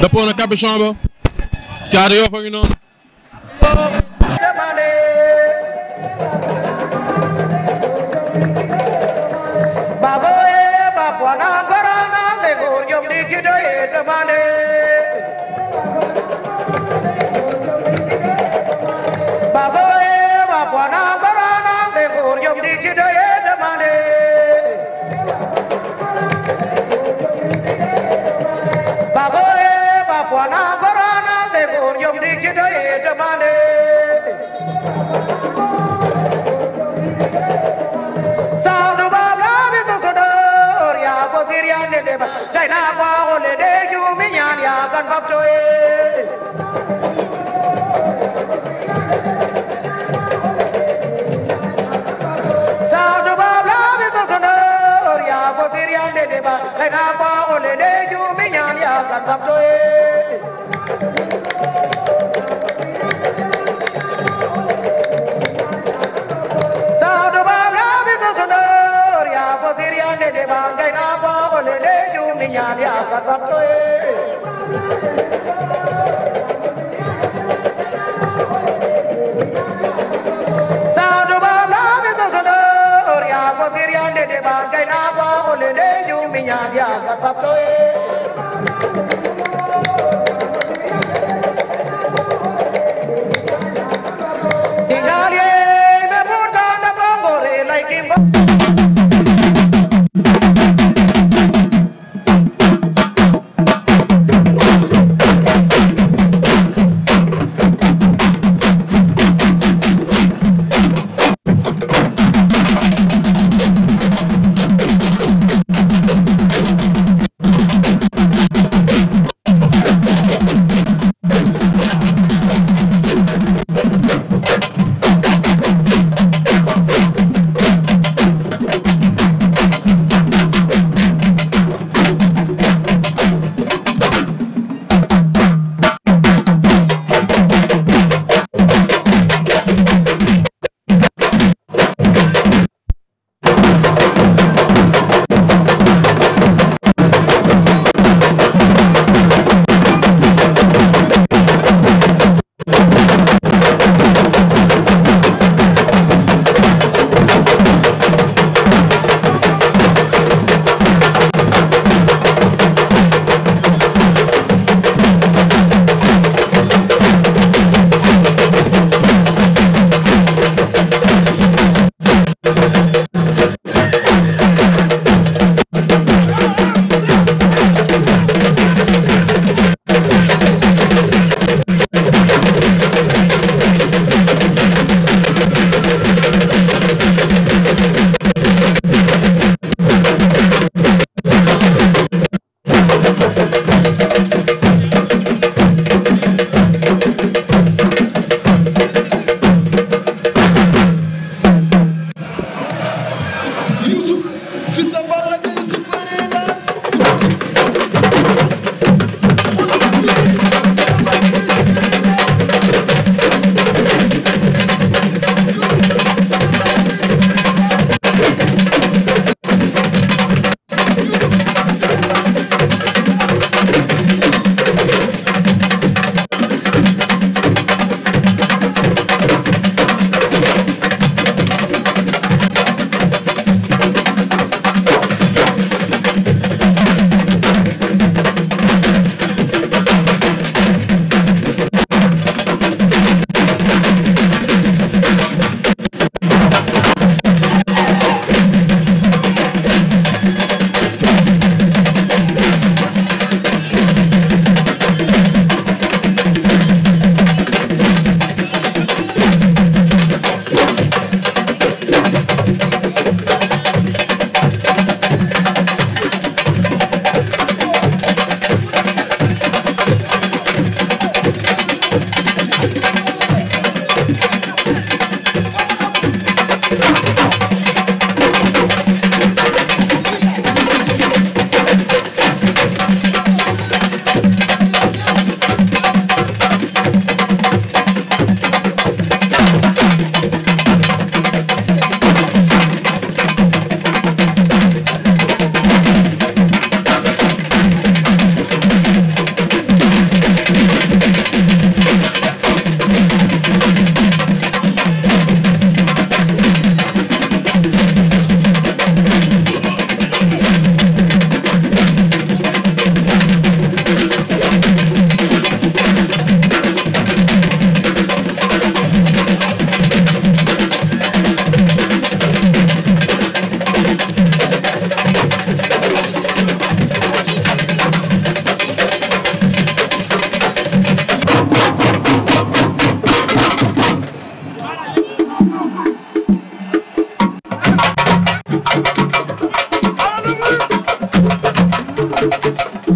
dëppoo na capuchon ba caatu yoo fa ngi noonu Corona Corona c'est bi sa sodoor yaa fo siriyaan de deba kay naa ko xole de ju mi ñaan yaa kan thank you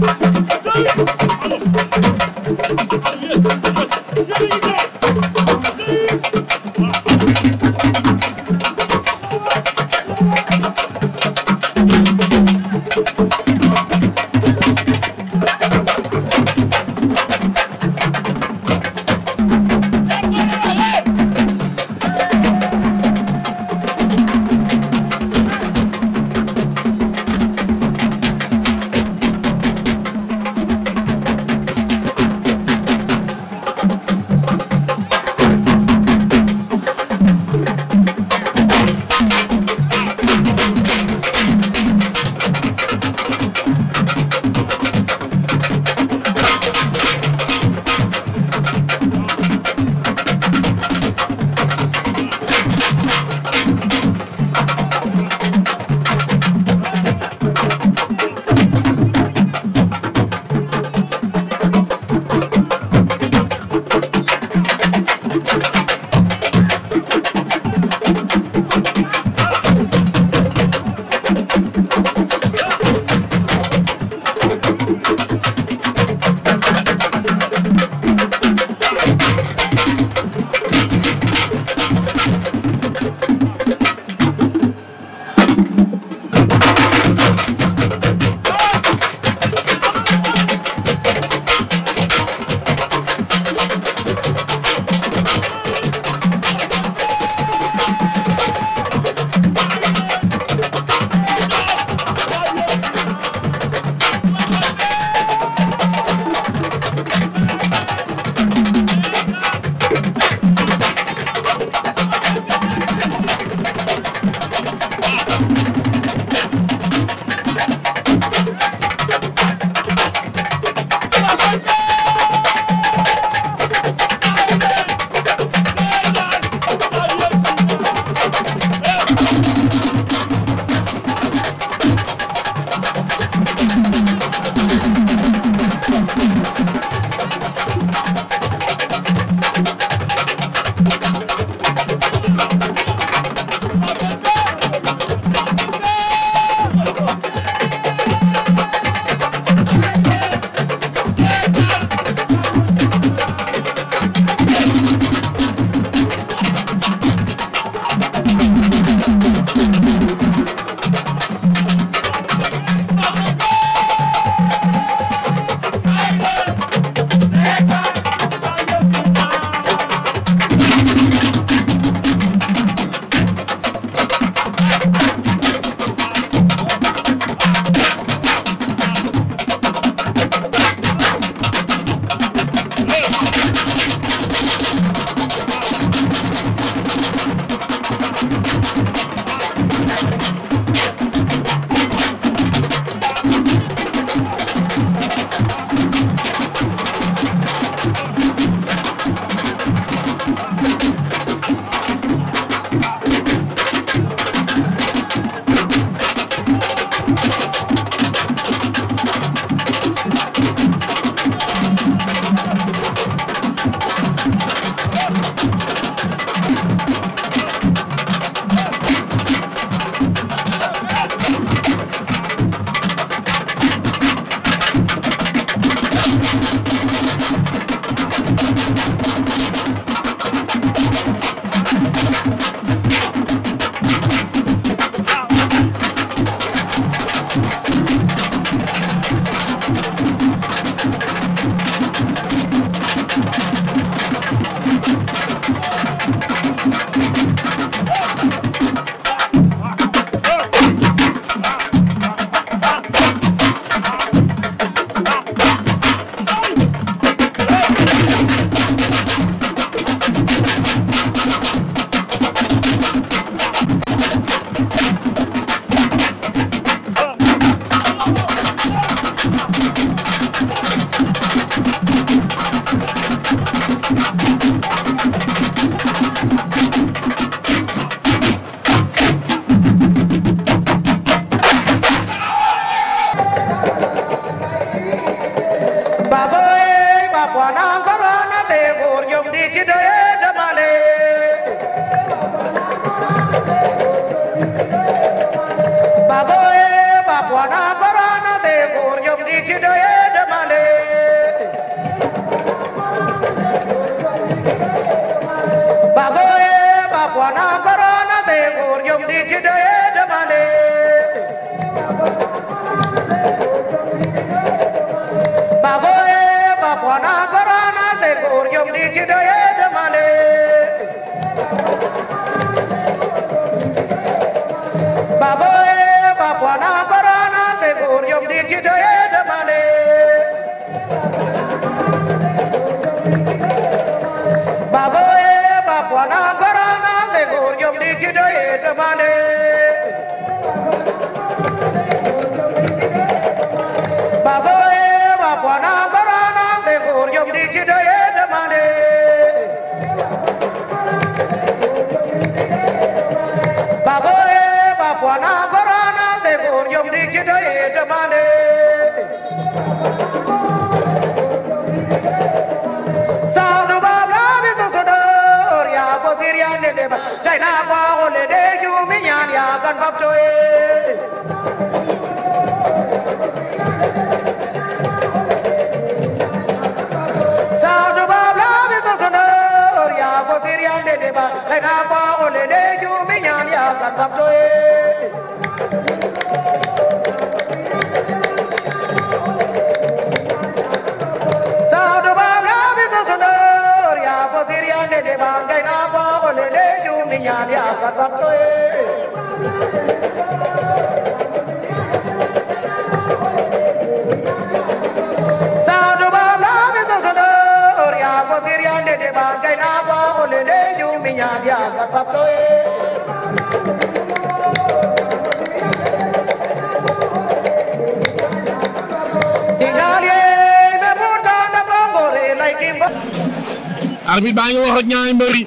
Yes, yes, yes. Monaco tey naa baaxul de jiw mi ñaan yaa kan fab tooyee. saa tubaab laa bi sa sonor yaa fo siriyaan de débat tey naa baaxul de jiw mi ñaan yaa kan fab tooyee. arbitre baa ngi wax ak ñaari mbër yi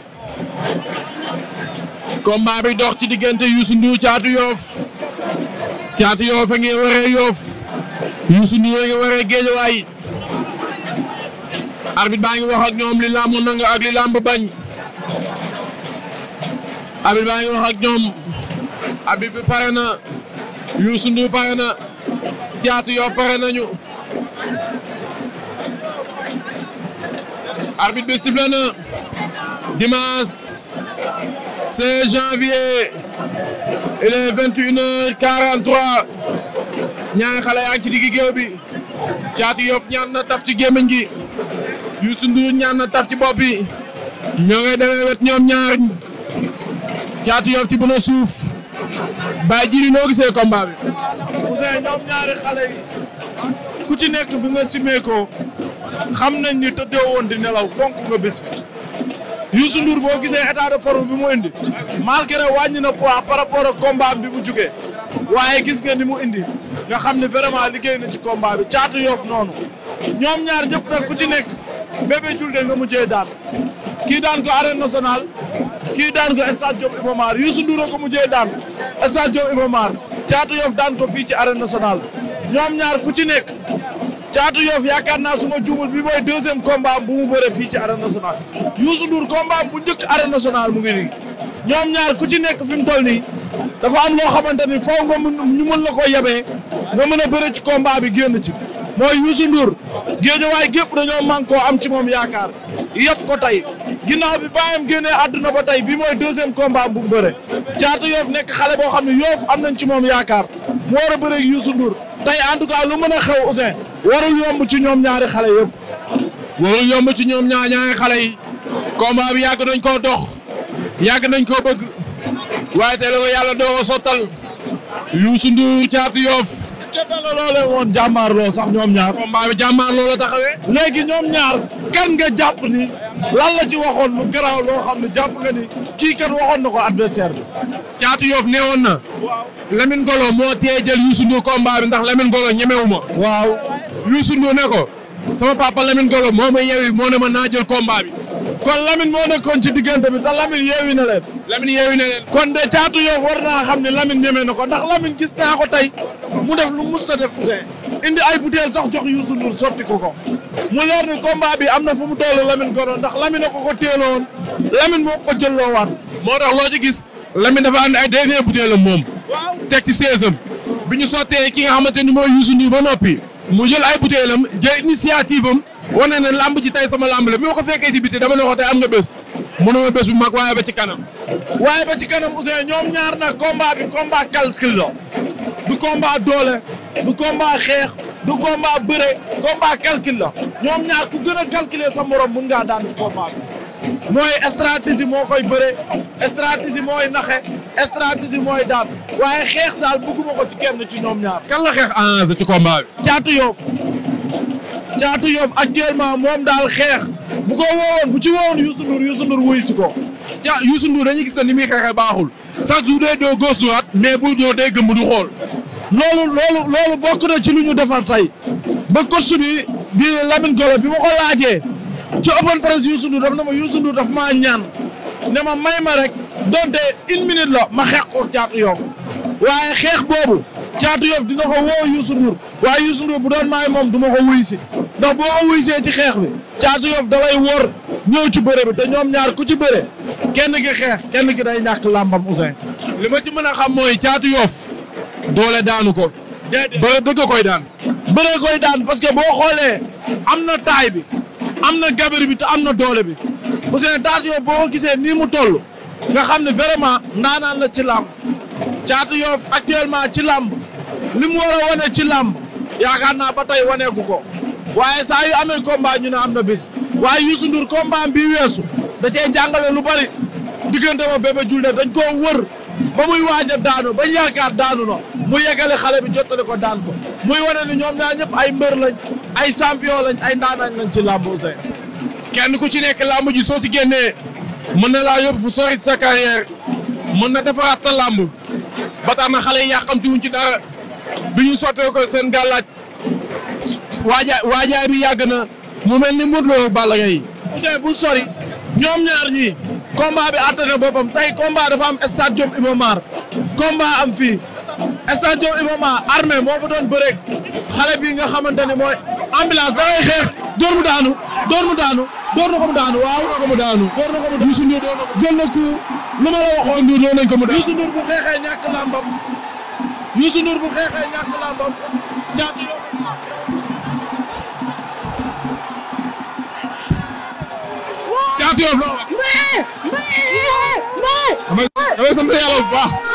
combat bi dox ci diggante Youssou Ndour Thiatou Yoff Thiatou Yoff a ngi waree Yoff Youssou Ndour a ngi waree Guédiawaye arbitre baa ngi wax ak ñoom li làmb nanga ak li làmb bañ arbitre baa ngi wax ak ñoom arbitre bi pare na Youssou Ndour pare na Thiatou Yoff pare nañu arbitre bi sifflé na dimanche 16 janvier il est 21h43 ñaari xale yaa ngi ci diggi géew bi Caatu Yoff ñaan na taf ci gémmiñ gi Youssou Ndour ñaan na taf ci bopp bi ñoo ngay demee wet ñoom ñaar Caatu Yoff ci bu na suuf bàyyi ji ni noo gisee combat bi. Ousseyn ñoom ñaari xale yi ku ci nekk bu nga simee xam nañ ni tëddee woon di nelaw fonk nga bés bi Youssou Ndour boo gisee état de forme bi mu indi malgré wàññi na poids par rapport ak combat bi mu jugee waaye gis nga ni mu indi nga xam ne vraiment liggéey na ci combat bi caatu yoof noonu ñoom ñaar ñëpp nag ku ci nekk Bébé Diouldé nga mujjee daan kii daan ko arène nationale kii daan ko stade Diop Iba Mar Youssou Ndour ko mujjee daan stade Diop Iba Mar caatu yoof daan ko fii ci arène nationale ñoom ñaar ku ci nekk Caatu Yoff yaakaar naa su ma juumul bi mooy deuxième combat bu mu bëre fii ci arène nationale Youssou Ndour combat bu njëkk arène nationale mu ngi nii ñoom ñaar ku ci nekk fi mu toll nii dafa am loo xamante ni foo nga ñu mën la ko yebee nga mën a bëre ci combat bi génn ci mooy Youssou Ndour géejawaay gépp dañoo man koo am ci moom yaakaar yëpp ko tey ginnaaw bi bàyyam génnee àdduna ba tey bi mooy deuxième combat bu mu bëre Caatu Yoff nekk xale boo xam ne Yoff am nañ ci moom yaakaar mu war en tout cas lu mën warul yomb ci ñoom ñaari xale yëpp. warul yomb ci ñoom ñaar ñaari xale yi. combat bi nañ koo dox. yàgg nañ koo bëgg. waaye tey la ko yàlla doo ko sottal. Youssou Ndour Thiatou Yoff. est-ce que dana loolee woon sax ñoom ñaar. combat bi jàmmaarloo la taxawee. léegi ñoom ñaar kan nga jàpp ni. lan la ci waxoon lu garaaw loo xam ne jàpp nga ni kii kat waxoon na ko adversaire bi. Thiatou Yoff neewoon na. waaw Lamine Golo moo tee jël Youssou Ndour ndax Lamine Golo ñemewu ma. waaw Youssou Ndour ne ko sama papa Lamine Golo moo ma yeewi moo ne ma naa jël combat bi kon Lamine moo nekkoon ci diggante bi te Lamine yeewi na leen. yeewi na kon de caatu yow war naa xam ne Lamine ñeme na ko ndax Lamine gis naa ko tey mu def lu mus a def indi ay butéel sax jox Youssou Ndour sotti ko ko mu leer ni combat bi am na fu mu toll Lamine Golo ndax Lamine ne ko teeloon Lamine moo ko jëlloo waat. moo tax loo ci gis. Lamine dafa ànd ay dernier moom. waaw teg ci 16 ñu sottee ki nga xamante ni mooy Youssou Ndour ba noppi. mu jël ay butéelam jël initiative am wane ne lamb ji tey sama lamb la bi ma ko fekkee ci biti dama ne ko tey am nga bés mu ne ma bés bu mag waaye ba ci kanam. waaye ba ci kanam Ousseyn ñoom ñaar nag combat bi combat calcul la du combat doole du combat xeex du combat bëre combat calcul la ñoom ñaar ku gën a sa morom mën ngaa daan ci mooy stratégie moo koy bëre stratégie mooy naxe stratégie mooy daan waaye xeex daal bëgguma ko ci kenn ci ñoom ñaar. kan xeex en ci combat bi. caatu yoof caatu yoof actuellement moom daal xeex bu ko woowoon bu ci woowoon Youssou Ndour Youssou Ndour wuyu si ko. ca Youssou Ndour dañuy gis ne ni muy xeexee baaxul chaque jour day doo gauche droite mais bu doo day gëmm du loolu loolu loolu bokk na ci lu ñu defar tey ba coach bi di Lamine Golo bi ma ko laajee. ci open press Youssou Ndour daf na ma Youssou Ndour daf ma ma rek donte une minute la ma xeex ko caatu yoof waaye xeex boobu caatu yoof dina xa woo Youssou Ndour waaye Youssou Ndour bu doon maay moom du ma ko wuy si boo ko wuy see ci xeex bi caatu yoof da lay wor ñëw ci bëre bi te ñoom ñaar ku ci bëre kenn ki xeex kenn ki day ñàkk làmbam Ousseyn. li ma ci mën a xam mooy caatu yoof doole daanu ko. déedéet bëre dëgg koy daan. bëre koy daan parce que boo xoolee am na taay bi. am na gabarit bi am na doole bi Ouzin Caatu Yoff boo ko gisee nii mu toll nga xam ne vraiment ndaanaan la ci làmb Caatu Yoff actuellement ci làmb li mu war wane ci làmb yaakaar naa ba tey waneeku ko waaye saa yu amee combat ñu ne am na bis waaye Youssou Ndour combat bi weesu da cee jàngale lu bari diggante ma Bébé Diouldé dañ ko wër ba muy waaj a daanu bañ yaakaar daanu na mu yegale xale bi jottali ko daan ko muy wane ni ñoom ñaar ñëpp ay mbër lañ ay champion lañ ay ndaanaan lañ ci làmbu seen kenn ku ci nekk làmb ji soo ci génnee mën na laa yóbbu fu sori sa carrière mën na defaraat sa làmb ba tax na xale yi yàqamti wuñ ci dara bi ñu sottee ko seen gàllaaj waaja waajaay bi yàgg na mu mel ni Modou Lo Balla Gaye Ousseyn bu sori ñoom ñaar ñii combat bi àtte na boppam tey combat dafa am stade Iba Mar Diop combat am fii stade Iba Mar armée moo fa doon bëreeg xale bi nga xamante ne mooy ambulance da xeex door mu daanu door mu daanu door na ko daanu waaw door na na ko lu ma la waxoon nañ ko mu daanu Youssou Ndour bu xeexee ñàkk làmbam Youssou Ndour bu xeexee ñàkk làmbam jaat yo jaat yo mais mais mais damay sant yàlla bu